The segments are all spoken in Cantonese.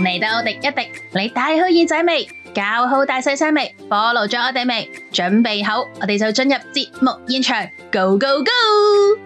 嚟到滴一滴，你戴好耳仔未？搞好大細聲未？火爐着我哋未？準備好，我哋就進入節目現場，Go Go Go！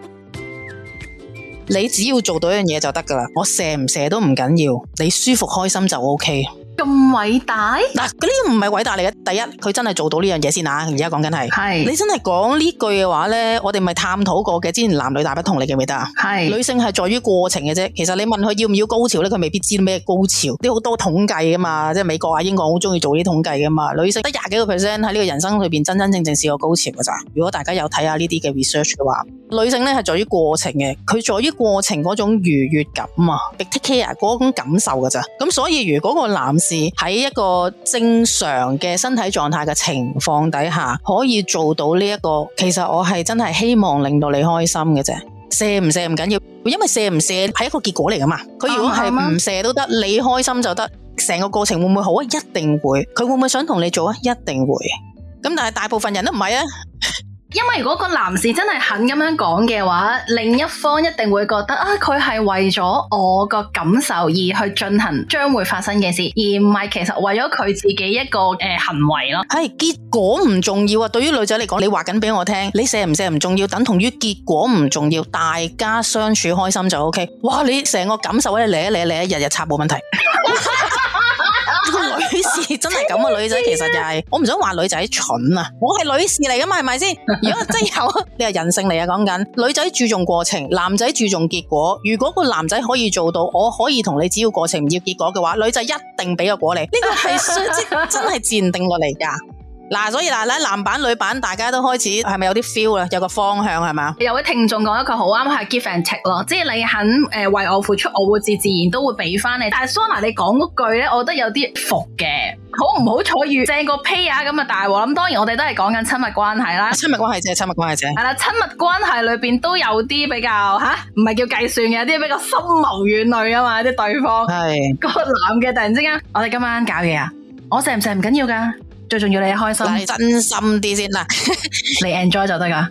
你只要做到一樣嘢就得㗎喇，我射唔射都唔緊要，你舒服開心就 OK。咁偉大嗱，呢個唔係偉大嚟嘅。第一，佢真係做到呢樣嘢先啊！而家講緊係，是你真係講呢句嘅話呢，我哋咪探討過嘅。之前男女大不同，你記唔記得啊？係是女性係在於過程嘅啫。其實你問佢要唔要高潮呢？佢未必知咩高潮。啲好多統計啊嘛，即係美國啊、英國好中意做呢統計噶嘛。女性得廿幾個 percent 喺呢個人生裏邊真真正正試過高潮㗎咋。如果大家有睇下呢啲嘅 research 嘅話，女性呢係在於過程嘅，佢在於過程嗰種愉悅感啊，intimacy 啊嗰種感受㗎咋。咁所以如果個男，喺一個正常嘅身體狀態嘅情況底下，可以做到呢一個。其實我係真係希望令到你開心嘅啫，射唔射唔緊要，因為射唔射係一個結果嚟㗎嘛。佢如果係唔射都得，你開心就得。成個過程會唔會好啊？一定會。佢會唔會想同你做啊？一定會。咁但係大部分人都唔係啊。因為如果個男士真係肯咁樣講嘅話，另一方一定會覺得啊，佢係為咗我個感受而去進行將會發生嘅事，而唔係其實為咗佢自己一個誒、呃、行為咯。係、哎、結果唔重要啊！對於女仔嚟講，你話緊俾我聽，你射唔射唔重要，等同於結果唔重要，大家相處開心就 OK。哇，你成個感受咧，舐一舐舐一日日插冇問題。 真係咁啊！女仔其實就係、是， 我唔想話女仔蠢啊！我係女士嚟噶嘛，係咪先？如果真有，你係人性嚟啊！講緊女仔注重過程，男仔注重結果。如果個男仔可以做到，我可以同你只要過程唔要結果嘅話，女仔一定俾個果你。呢、這個係實質真係鑑定落嚟噶。嗱，所以嗱咧，男版女版，大家都開始係咪有啲 feel 啊？有個方向係咪？有位聽眾講一句好啱，係 give and take 咯，即係你肯誒為我付出，我會自自然都會俾翻你。但係 Sona，你講嗰句咧，我覺得有啲服嘅，好唔好坐住正個 pay 啊咁啊？大係我當然我哋都係講緊親密關係啦，親密關係啫，親密關係啫。係啦，親密關係裏邊都有啲比較吓，唔係叫計算嘅，有啲比較深謀遠慮啊嘛，啲對方係是個男嘅突然之間，我哋今晚搞嘢啊，我食唔食唔緊要噶。最重要你一開心，真心啲先啦， 你 enjoy 就得噶。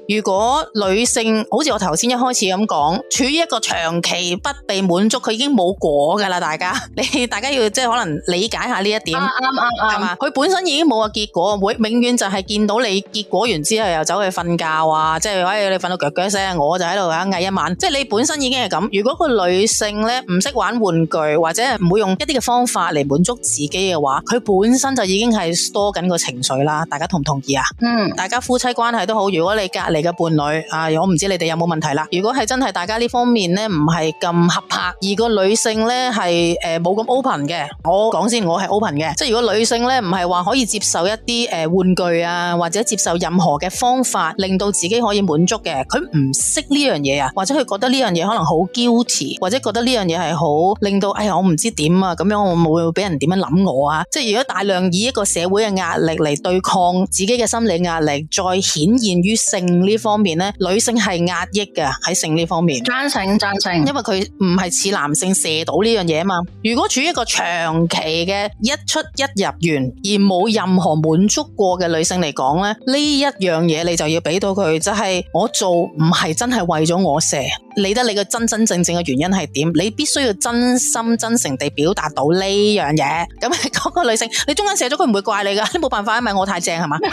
如果女性好似我頭先一開始咁講，處於一個長期不被滿足，佢已經冇果噶啦，大家你 大家要即係可能理解下呢一點，啱啱啱，係、啊、嘛？佢、啊、吧本身已經冇個結果，會永永遠就係見到你結果完之後又走去瞓覺啊，即係或你瞓到腳腳聲，我就喺度啊嗌一晚。即係你本身已經係咁。如果個女性咧唔識玩玩具或者唔會用一啲嘅方法嚟滿足自己嘅話，佢本身就已經係 store 緊個情緒啦。大家同唔同意啊？嗯，大家夫妻關係都好，如果你隔籬，嘅伴侶啊，我唔知你哋有冇問題啦。如果係真係大家呢方面呢唔係咁合拍，而個女性呢係誒冇咁 open 嘅，我講先，我係 open 嘅。即係如果女性呢唔係話可以接受一啲誒、呃、玩具啊，或者接受任何嘅方法令到自己可以滿足嘅，佢唔識呢樣嘢啊，或者佢覺得呢樣嘢可能好 guilty，或者覺得呢樣嘢係好令到誒、哎、我唔知點啊，咁樣我會唔會俾人點樣諗我啊？即係如果大量以一個社會嘅壓力嚟對抗自己嘅心理壓力，再顯現於性呢方面咧，女性係壓抑嘅喺性呢方面，贊成贊成，因為佢唔係似男性射到呢樣嘢啊嘛。如果處於一個長期嘅一出一入完而冇任何滿足過嘅女性嚟講咧，呢一樣嘢你就要俾到佢，就係、是、我做唔係真係為咗我射。理得你個真真正正嘅原因係點？你必須要真心真誠地表達到呢樣嘢。咁啊，嗰個女性，你中間寫咗佢唔會怪你噶，你冇辦法，因為我太正係嘛？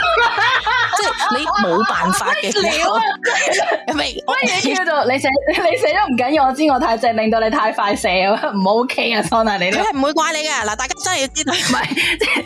即係你冇辦法嘅。乜嘢叫做你寫你寫都唔緊要？我知我太正，令到你太快射唔、嗯、OK 啊，Sonny 你呢？佢係唔會怪你嘅。嗱，大家真係要知道，唔係即係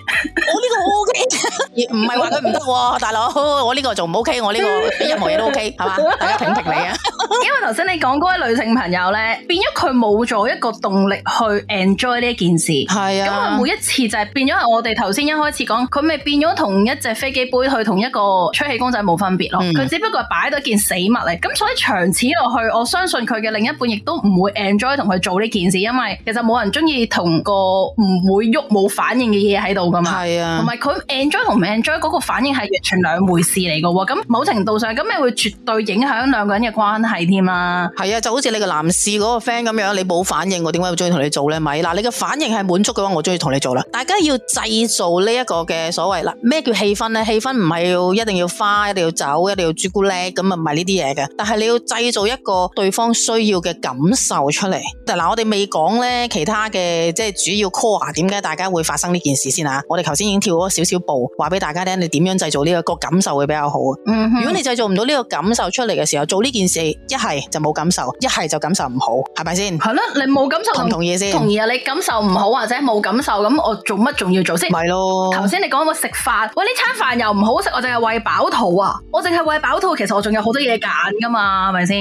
我呢個 OK，而唔係話佢唔得，大佬我呢個仲唔 OK？我呢個俾任何嘢都 OK 係嘛？ 大家評評你啊。 因為頭先你講嗰位女性朋友咧，變咗佢冇咗一個動力去 enjoy 呢一件事，係啊，咁佢每一次就係變咗，係我哋頭先一開始講，佢咪變咗同一隻飛機杯去同一個吹氣公仔冇分別咯，佢只不過係擺到件死物嚟，咁所以長此落去，我相信佢嘅另一半亦都唔會 enjoy 同佢做呢件事，因為其實冇人中意同個唔會喐冇反應嘅嘢喺度噶嘛，係啊，同埋佢 enjoy 同唔 enjoy 嗰個反應係完全兩回事嚟噶喎，咁某程度上咁咪會絕對影響兩個人嘅關係。添係啊，就好似你個男士嗰個 friend 咁樣，你冇反應，我點解要中意同你做呢？咪嗱，你嘅反應係滿足嘅話，我中意同你做啦。大家要製造呢一個嘅所謂啦，咩叫氣氛咧？氣氛唔係要一定要花，一定要酒，一定要朱古力咁啊，唔係呢啲嘢嘅。但係你要製造一個對方需要嘅感受出嚟。嗱，我哋未講呢其他嘅，即係主要 core 點解大家會發生呢件事先啊？我哋頭先已經跳咗少少步，話俾大家聽你點樣製造呢、這個個感受會比較好啊。嗯、哼如果你製造唔到呢個感受出嚟嘅時候，做呢件事一。係就冇感受，一係就感受唔好，係咪先？係咯，你冇感受。同唔同意先？同意啊！你感受唔好或者冇感受，咁我做乜仲要做？唔係咯。頭先你講我食飯，我呢餐飯又唔好食，我淨係餵飽肚啊！我淨係餵飽肚，其實我仲有好多嘢揀噶嘛，係咪先？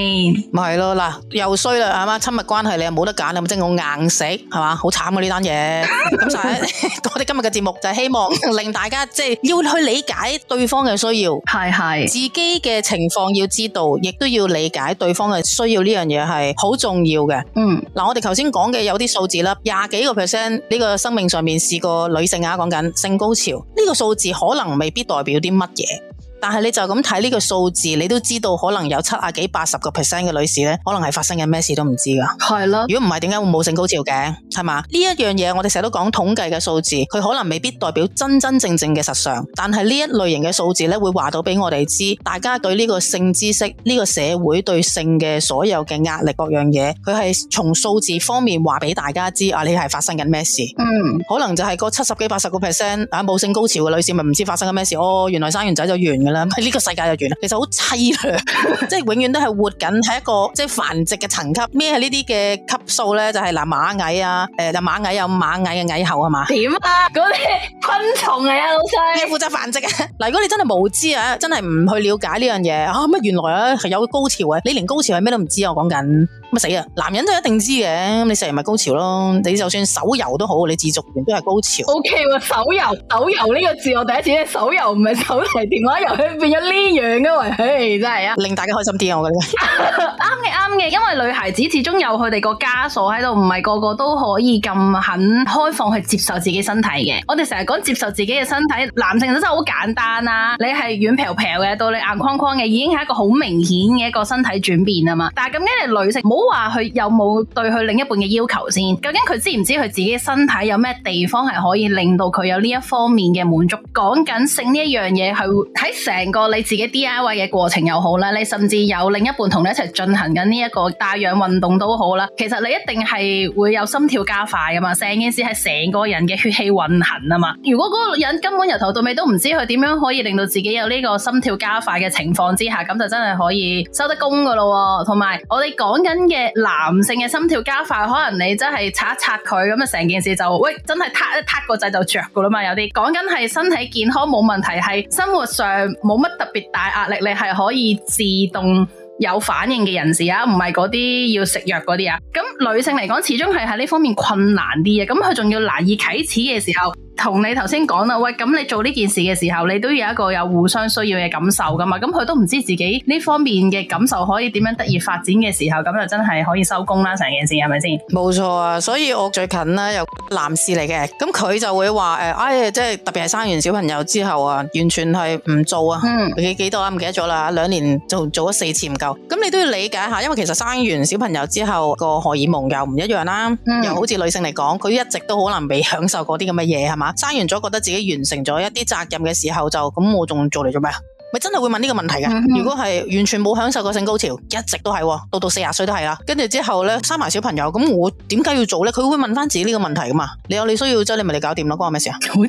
咪係咯，嗱，又衰啦，係嘛？親密關係你又冇得揀，咁即係我硬食，係嘛？好慘啊！呢單嘢。咁就係，我哋今日嘅節目就係希望令大家即係要去理解對方嘅需要，係係，自己嘅情況要知道，亦都要理解對。對方係需要呢樣嘢係好重要嘅，嗯，嗱，我哋頭先講嘅有啲數字啦，廿幾個 percent 呢個生命上面試過女性啊，講緊性高潮呢個數字可能未必代表啲乜嘢。但係你就咁睇呢個數字，你都知道可能有七啊幾、八十個 percent 嘅女士呢，可能係發生緊咩事都唔知噶。係啦的，如果唔係點解會冇性高潮嘅？係嘛？呢一樣嘢我哋成日都講統計嘅數字，佢可能未必代表真真正正嘅實常。但係呢一類型嘅數字呢，會話到俾我哋知，大家對呢個性知識，呢個社會對性嘅所有嘅壓力各樣嘢，佢係從數字方面話俾大家知啊，你係發生緊咩事？嗯，可能就係個七十幾、八十個 percent 啊冇性高潮嘅女士，咪唔知發生緊咩事哦？原來生完仔就完啦，喺呢個世界就完啦。其實好淒涼， 即係永遠都係活緊，係一個即係、就是、繁殖嘅層級。咩係呢啲嘅級數咧，就係、是、嗱螞蟻啊，誒、呃、就螞蟻有螞蟻嘅蟻后係嘛？點啊？嗰啲昆蟲嚟啊，老細。你負責繁殖啊？嗱， 如果你真係無知啊，真係唔去了解呢樣嘢啊，乜原來啊係有高潮啊？你連高潮係咩都唔知啊？我講緊。乜死啊！男人都一定知嘅，你成日咪高潮咯？你就算手遊都好，你自續完都係高潮。OK，手遊，手遊呢個字我第一次，手遊唔係手提電話遊戲變咗呢樣嘅話，唉，真係啊！令大家開心啲，我覺得啱嘅、 啊，啱嘅，因為女孩子始終有佢哋個枷鎖喺度，唔係個個都可以咁肯開放去接受自己身體嘅。我哋成日講接受自己嘅身體，男性真係好簡單啦，你係軟皮皮嘅，到你硬框框嘅，已經係一個好明顯嘅一個身體轉變啊嘛。但係咁樣係女性，冇。唔好話佢有冇對佢另一半嘅要求先，究竟佢知唔知佢自己身體有咩地方係可以令到佢有呢一方面嘅滿足？講緊性呢一樣嘢，係喺成個你自己 DIY 嘅過程又好啦，你甚至有另一半同你一齊進行緊呢一個帶氧運動都好啦。其實你一定係會有心跳加快噶嘛，成件事係成個人嘅血氣運行啊嘛。如果嗰個人根本由頭到尾都唔知佢點樣可以令到自己有呢個心跳加快嘅情況之下，咁就真係可以收得工噶咯。同埋我哋講緊。嘅男性嘅心跳加快，可能你真係擦一擦佢，咁啊成件事就喂真係撻一撻個掣就着噶啦嘛。有啲講緊係身體健康冇問題，係生活上冇乜特別大壓力，你係可以自動有反應嘅人士啊，唔係嗰啲要食藥嗰啲啊。咁女性嚟講，始終係喺呢方面困難啲嘅，咁佢仲要難以啟齒嘅時候。同你頭先講啦，喂，咁你做呢件事嘅時候，你都有一個有互相需要嘅感受噶嘛？咁佢都唔知自己呢方面嘅感受可以點樣得以發展嘅時候，咁就真係可以收工啦，成件事係咪先？冇錯啊，所以我最近咧有男士嚟嘅，咁佢就會話誒，唉，即係特別係生完小朋友之後啊，完全係唔做啊，幾幾多啊？唔記得咗啦，兩年就做咗四次唔夠，咁你都要理解下，因為其實生完小朋友之後個荷爾蒙又唔一樣啦，又好似女性嚟講，佢一直都可能未享受過啲咁嘅嘢係嘛？生完咗，覺得自己完成咗一啲責任嘅時候，就噉，我仲做嚟做咩啊？咪真係會問呢個問題嘅，嗯嗯，如果係完全冇享受過性高潮，一直都係喎、哦，到到四十歲都係啦。跟住之後咧生埋小朋友，咁我點解要做咧？佢會問翻自己呢個問題噶嘛？你有你需要啫，你咪你搞掂啦，關我咩事慘啊？好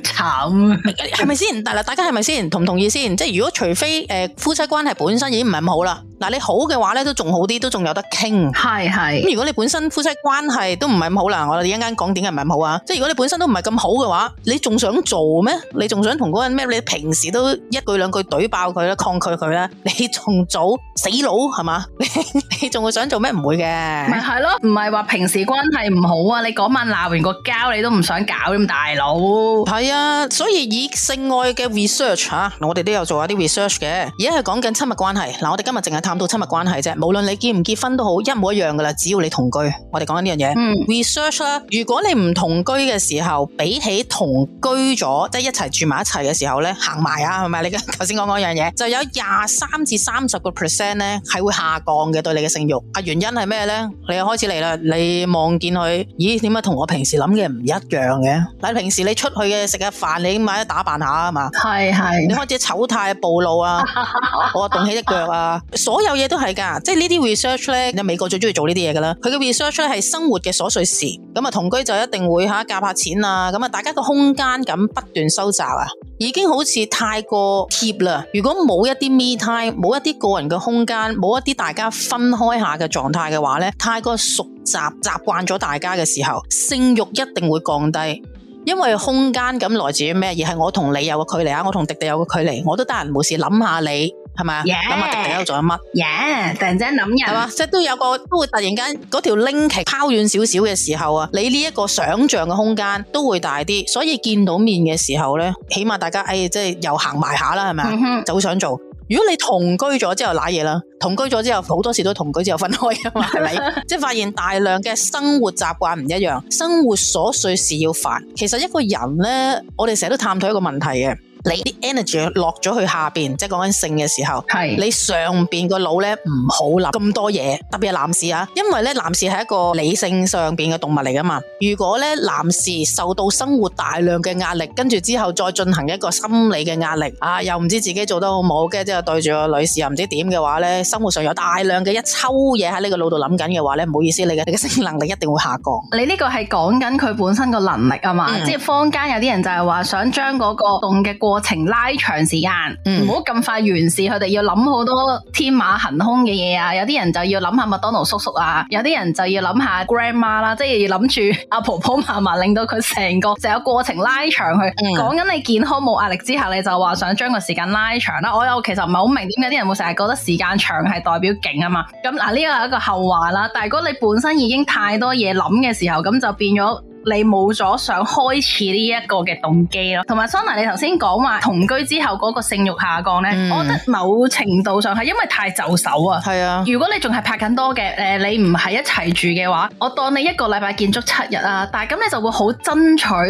慘啊，係咪先？嗱嗱，大家係咪先同唔同意先？即係如果除非誒、呃、夫妻關係本身已經唔係咁好啦，嗱你好嘅話咧都仲好啲，都仲有得傾。係係咁，如果你本身夫妻關係都唔係咁好啦，我哋一間講點解唔係咁好啊？即係如果你本身都唔係咁好嘅話，你仲想做咩？你仲想同嗰個人咩？你平時都一句兩句懟爆。佢抗拒佢啦，你仲早死佬，係嘛？ 你你仲會想做咩？唔會嘅，咪係咯，唔係話平時關係唔好啊？你講晚鬧完個交，你都唔想搞咁大佬，係啊，所以以性愛嘅 research 吓，我哋都有做下啲 research 嘅。而家係講緊親密關係，嗱、啊，我哋今日淨係探討親密關係啫。無論你結唔結婚都好，一模一樣噶啦。只要你同居，我哋講緊呢樣嘢。嗯，research 啦，如果你唔同居嘅時候，比起同居咗，即係一齊住埋一齊嘅時候咧，行埋啊，係咪？你頭先講嗰樣嘢。就有廿三至三十個 percent 咧，係會下降嘅對你嘅性欲。啊，原因係咩咧？你又開始嚟啦，你望見佢，咦，點解同我平時諗嘅唔一樣嘅。你平時你出去嘅食嘅飯，你咪打扮一下啊嘛。係係，是是你開始醜態暴露啊， 我動起隻腳啊，所有嘢都係噶。即係呢啲 research 咧，美國最中意做呢啲嘢噶啦。佢嘅 research 咧係生活嘅瑣碎事。咁啊，同居就一定會吓夾下錢啊。咁啊，大家個空間咁不斷收窄啊。已經好似太過貼啦。如果冇一啲 me time，冇一啲個人嘅空間，冇一啲大家分開下嘅狀態嘅話呢，太過熟習習慣咗大家嘅時候，性慾一定會降低。因為空間咁來自於咩？而係我同你有個距離啊，我同迪迪有個距離，我都得閒冇事諗下你。係咪啊？咁啊，yeah, yeah, 突然間做咗乜嘢？突然間諗嘢，係嘛，即係都有個，都會突然間嗰條拎旗 n k 拋遠少少嘅時候啊，你呢一個想象嘅空間都會大啲，所以見到面嘅時候咧，起碼大家誒、哎，即係又行埋下啦，係咪啊？ 就好想做。如果你同居咗之後攋嘢啦，同居咗之後好多時都同居之後分開啊嘛，係咪？即係 發現大量嘅生活習慣唔一樣，生活瑣碎事要煩。其實一個人咧，我哋成日都探討一個問題嘅。你啲 energy 落咗去下邊，即係講緊性嘅時候，係你上邊個腦咧唔好諗咁多嘢，特別係男士啊，因為咧男士係一個理性上邊嘅動物嚟噶嘛。如果咧男士受到生活大量嘅壓力，跟住之後再進行一個心理嘅壓力，啊又唔知自己做得好唔好，跟住之後對住個女士又唔知點嘅話咧，生活上有大量嘅一抽嘢喺呢個腦度諗緊嘅話咧，唔好意思，你嘅你嘅性能力一定會下降。你呢個係講緊佢本身個能力啊嘛，即係坊間有啲人就係話想將嗰個動嘅過。過程拉長時間，唔好咁快完事。佢哋要諗好多天馬行空嘅嘢啊！有啲人就要諗下麥當勞叔叔啊，有啲人就要諗下 grandma 啦，即係要諗住阿婆婆嫲嫲，令到佢成個成個過程拉長去。講緊、嗯、你健康冇壓力之下，你就話想將個時間拉長啦。我又其實唔係好明點解啲人會成日覺得時間長係代表勁啊嘛。咁、嗯、嗱，呢個係一個後話啦。但係如果你本身已經太多嘢諗嘅時候，咁就變咗。你冇咗想開始呢一個嘅動機咯，同埋桑 o 你頭先講話同居之後嗰個性慾下降呢，嗯、我覺得某程度上係因為太就手啊。係啊，如果你仲係拍緊多嘅，誒你唔係一齊住嘅話，我當你一個禮拜建足七日啊。但係咁你就會好爭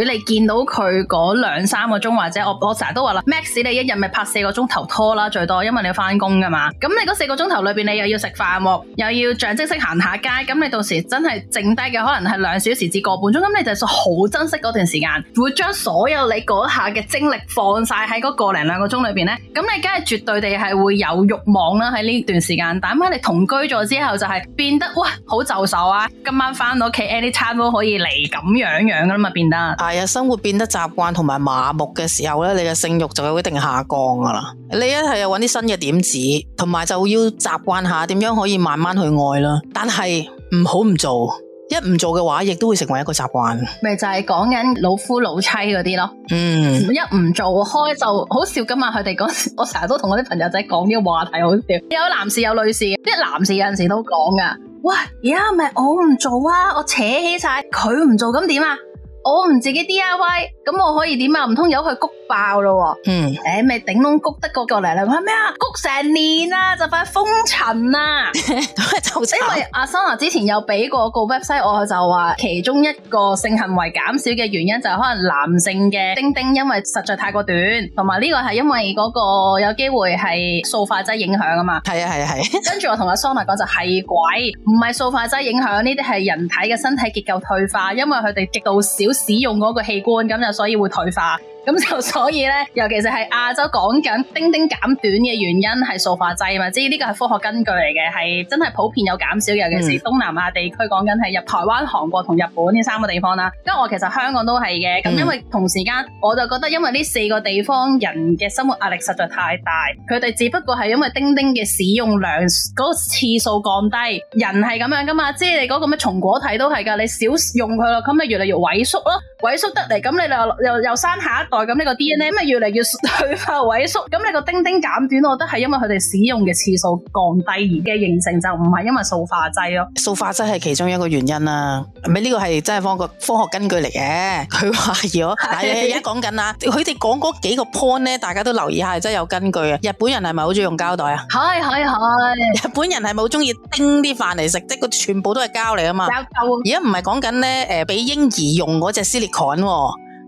取你見到佢嗰兩三個鐘，或者我我成日都話啦，max 你一日咪拍四個鐘頭拖啦最多，因為你要翻工㗎嘛。咁你嗰四個鐘頭裏邊你又要食飯喎，又要象即式行下街，咁你到時真係剩低嘅可能係兩小時至個半鐘咁就係好珍惜嗰段時間，會將所有你嗰下嘅精力放晒喺嗰個零兩個鐘裏邊咧，咁你梗係絕對地係會有慾望啦喺呢段時間。但係咁，你同居咗之後就係變得哇好就手啊！今晚翻到屋企 anytime 都可以嚟咁樣樣噶啦嘛，變得係啊！生活變得習慣同埋麻木嘅時候咧，你嘅性慾就會一定下降噶啦。你一係又搵啲新嘅點子，同埋就要習慣下點樣可以慢慢去愛啦。但係唔好唔做。一唔做嘅話，亦都會成為一個習慣。咪就係講緊老夫老妻嗰啲咯。嗯，一唔做開就好笑㗎嘛。佢哋講我成日都同我啲朋友仔講呢個話題，好笑。有男士有女士，啲男士有陣時都講㗎。喂，而家咪我唔做啊，我扯起晒，佢唔做咁點啊？我唔自己 D I Y，咁我可以點啊？唔通由佢谷爆咯？嗯，誒、欸，咪頂窿谷得個過嚟啦？係咩啊？谷成年啦，就快封塵啦！ 醜因為阿 Sona 之前有俾過個 website，我就話其中一個性行為減少嘅原因就係可能男性嘅丁丁因為實在太過短，同埋呢個係因為嗰個有機會係塑化劑影響啊嘛。係啊係啊係。 跟住我同阿 Sona 講就係鬼，唔係塑化劑影響，呢啲係人體嘅身體結構退化，因為佢哋極度少。使用嗰個器官，所以會退化。咁就所以咧，尤其是係亞洲講緊丁丁減短嘅原因係塑化劑嘛，即係呢個係科學根據嚟嘅，係真係普遍有減少，尤其是東南亞地區講緊係入台灣韓國同日本呢三個地方啦。因為我其實香港都係嘅，咁因為同時間我就覺得，因為呢四個地方人嘅生活壓力實在太大，佢哋只不過係因為丁丁嘅使用量嗰個次數降低，人係咁樣噶嘛，即係你嗰個咩松果體都係噶，你少用佢咯，咁咪越嚟越萎縮咯，萎縮得嚟，咁你又又又，又生下。代咁呢個 DNA 咁咪越嚟越退化萎縮，咁呢個丁丁減短，我覺得係因為佢哋使用嘅次數降低而嘅形成，就唔係因為塑化劑咯。塑化劑係其中一個原因啦、啊，咪呢個係真係方個科學根據嚟嘅。佢話咗，嗱而家講緊啊，佢哋講嗰幾個 point 咧，大家都留意下，真係有根據啊。日本人係咪好中意用膠袋啊？係係係。日本人係咪好中意叮啲飯嚟食，即佢全部都係膠嚟啊嘛。而家唔係講緊咧，誒俾嬰兒用嗰隻 silicone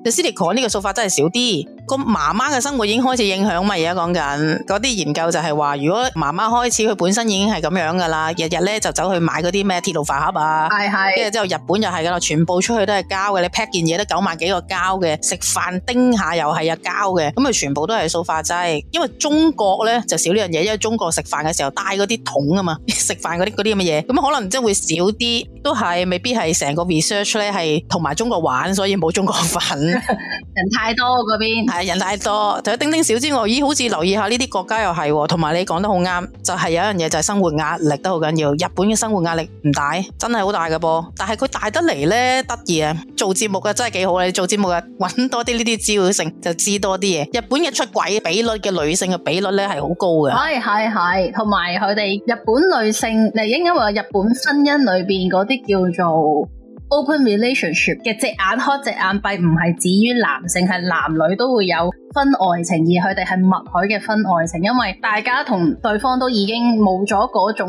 迪士尼講呢個做法真係少啲。個媽媽嘅生活已經開始影響嘛，而家講緊嗰啲研究就係話，如果媽媽開始佢本身已經係咁樣噶啦，日日咧，就走去買嗰啲咩鐵路飯盒啊，係係是，跟住之後日本又係噶啦，全部出去都係膠嘅，你 pack 件嘢都九萬幾個膠嘅，食飯叮下又係啊膠嘅，咁佢全部都係塑化劑。因為中國咧，就少呢樣嘢，因為中國食飯嘅時候帶嗰啲桶啊嘛，食飯嗰啲嗰啲咁嘅嘢，咁可能真會少啲，都係未必係成個 research 咧，係同埋中國玩，所以冇中國粉， 人太多嗰邊。係人太多，除咗丁丁小之外，咦？好似留意下呢啲國家又係，同埋你講得好啱，就係有一樣嘢就係生活壓力都好緊要。日本嘅生活壓力唔大，真係好大嘅噃。但係佢大得嚟呢，得意啊！做節目嘅真係幾好啊！你做節目嘅揾多啲呢啲知性就知多啲嘢。日本嘅出軌比率嘅女性嘅比率呢係好高嘅。係係係，同埋佢哋日本女性，你應該話日本婚姻裏邊嗰啲叫做。Open relationship 嘅隻眼開隻眼閉唔係指於男性，係男女都會有婚外情，而佢哋係默許嘅婚外情，因為大家同對方都已經冇咗嗰種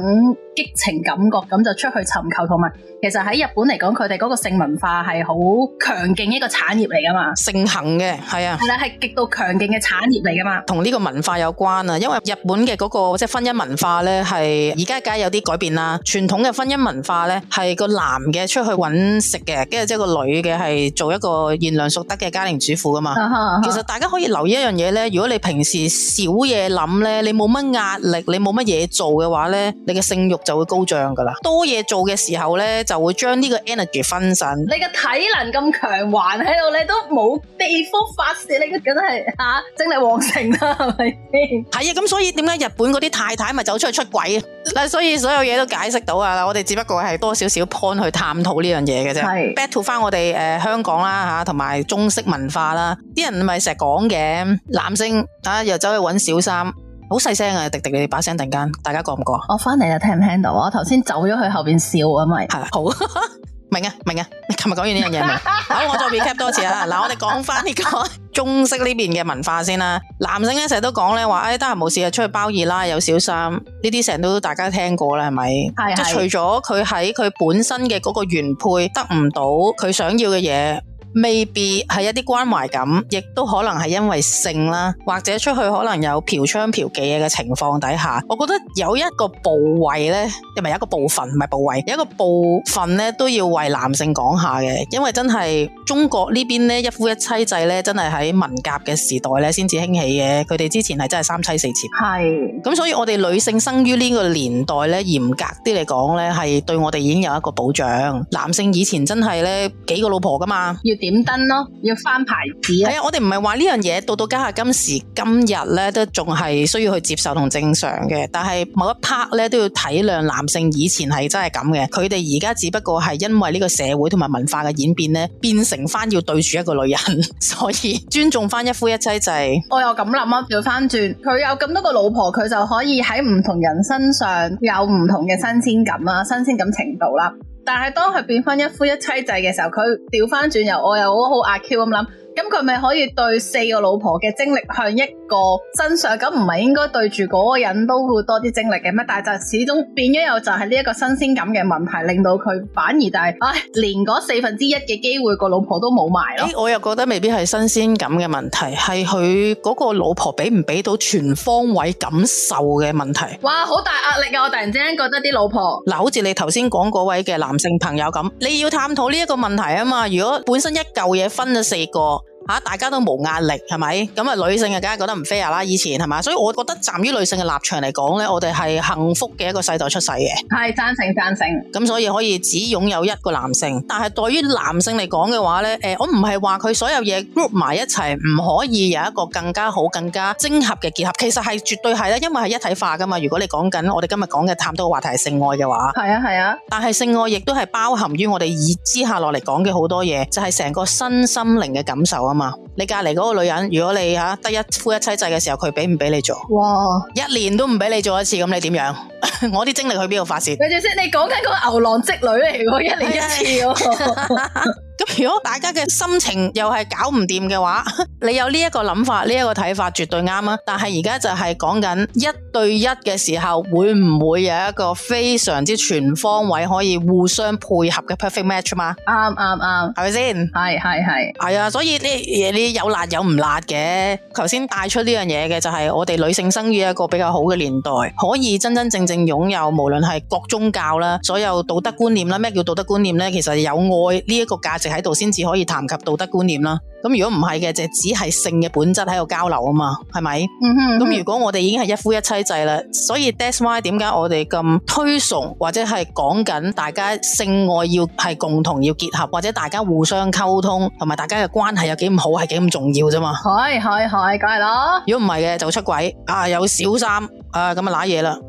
激情感覺，咁就出去尋求。同埋，其實喺日本嚟講，佢哋嗰個性文化係好強勁一個產業嚟㗎嘛，性行嘅，係啊，係啦、啊，係極度強勁嘅產業嚟噶嘛，同呢個文化有關啊，因為日本嘅嗰、那個即係婚姻文化咧，係而家梗係有啲改變啦。傳統嘅婚姻文化咧，係個男嘅出去揾食嘅，跟住即係個女嘅係做一個賢良淑德嘅家庭主婦噶嘛。 其實大家可以留意一樣嘢咧，如果你平時少嘢諗咧，你冇乜壓力，你冇乜嘢做嘅話咧，你嘅性欲就會高漲噶啦。多嘢做嘅時候咧，就會將呢個 energy 分散。你嘅體能咁強，還喺度，你都冇地方發洩，你都梗係吓精力旺盛啦，係咪先？係啊， 咁 所以點解日本嗰啲太太咪走出去出軌啊？嗱， 所以所有嘢都解釋到啊。我哋只不過係多少少 point 去探討呢樣嘢嘅啫，back to 翻我哋誒香港啦嚇，同埋中式文化啦，啲人咪成日講嘅男性啊，又走去揾小三，好細聲啊，滴滴你把聲突然間，大家覺唔覺啊？我翻嚟就聽唔聽到，我頭先走咗去後邊笑啊咪。係，好。明啊，明啊，你琴日講完呢樣嘢未？明 好，我再 recap 多次啊。嗱， 我哋講翻呢個中式呢邊嘅文化先啦。男性咧成日都講咧話，哎，得閒冇事啊，出去包二奶，有小三，呢啲成日都大家聽過啦，係咪？係是。即係除咗佢喺佢本身嘅嗰個原配得唔到佢想要嘅嘢。未必係一啲關懷感，亦都可能係因為性啦，或者出去可能有嫖娼嫖妓嘅情況底下，我覺得有一個部位呢，又咪有一個部分唔係部位，有一個部分呢，都要為男性講下嘅。因為真係中國呢邊呢，一夫一妻制呢，真係喺文革嘅時代呢先至興起嘅，佢哋之前係真係三妻四妾。係咁是，所以我哋女性生於呢個年代呢，嚴格啲嚟講呢，係對我哋已經有一個保障。男性以前真係呢幾個老婆㗎嘛。點燈咯要翻牌子係啊，哎，我哋唔係話呢樣嘢到到家下今時今日咧，都仲係需要去接受同正常嘅。但係某一 part 咧，都要體諒男性以前係真係咁嘅。佢哋而家只不過係因為呢個社會同埋文化嘅演變咧，變成翻要對住一個女人，所以 尊重翻一夫一妻制，就是。我又咁諗啊，調翻轉，佢有咁多個老婆，佢就可以喺唔同人身上有唔同嘅新鮮感啦，新鮮感程度啦。但係當佢變翻一夫一妻制嘅時候，佢掉翻轉，又我又好好阿 Q 咁諗。咁佢咪可以對四個老婆嘅精力向一個身上？咁唔係應該對住嗰個人都會多啲精力嘅咩？但係就始終變咗又就係呢一個新鮮感嘅問題，令到佢反而就係唉，連嗰四分之一嘅機會個老婆都冇埋咯。我又覺得未必係新鮮感嘅問題，係佢嗰個老婆俾唔俾到全方位感受嘅問題。哇，好大壓力啊！我突然之間覺得啲老婆嗱，好似你頭先講嗰位嘅男性朋友咁，你要探討呢一個問題啊嘛。如果本身一嚿嘢分咗四個。吓、啊，大家都冇壓力，係咪？咁、嗯、啊，女性啊，梗係覺得唔 fair 啦。以前係嘛，所以我覺得站於女性嘅立場嚟講咧，我哋係幸福嘅一個世代出世嘅。係贊成贊成。咁所以可以只擁有一個男性，但係對於男性嚟講嘅話咧，誒、欸，我唔係話佢所有嘢 group 埋一齊，唔可以有一個更加好、更加精合嘅結合。其實係絕對係啦，因為係一體化噶嘛。如果你講緊我哋今日講嘅探討嘅話題係性愛嘅話，係啊係啊。啊但係性愛亦都係包含於我哋以之下落嚟講嘅好多嘢，就係、是、成個身心靈嘅感受啊。你隔籬嗰個女人，如果你吓、啊、得一夫一妻制嘅時候，佢俾唔俾你做？哇！一年都唔俾你做一次，咁你點樣？ 我啲精力去邊度發泄？你正先，你講緊個牛郎織女嚟噶，一年一次嗰個。如果大家嘅心情又係搞唔掂嘅話，你有呢一個諗法，呢一個睇法絕對啱啊！但係而家就係講緊一對一嘅時候，會唔會有一個非常之全方位可以互相配合嘅 perfect match 嘛？啱啱啱，係咪先？係係係，係啊！所以呢嘢你有辣有唔辣嘅，頭先帶出呢樣嘢嘅就係我哋女性生於一個比較好嘅年代，可以真真正正擁有無論係各宗教啦，所有道德觀念啦，咩叫道德觀念咧？其實有愛呢一個價值喺度先至可以談及道德觀念啦，咁如果唔係嘅，就只係性嘅本質喺度交流啊嘛，係咪？咁、 嗯、如果我哋已經係一夫一妻制啦，所以 that's why 點解我哋咁推崇或者係講緊大家性愛要係共同要結合，或者大家互相溝通，同埋大家嘅關係有幾咁好，係幾咁重要啫嘛？係係係，梗係囉。 如果唔係嘅，就出軌啊，有小三啊，咁啊，瀨嘢啦。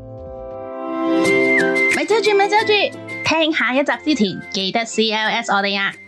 咪遮住，咪遮住，聽下一集之前記得 CLS 我哋啊。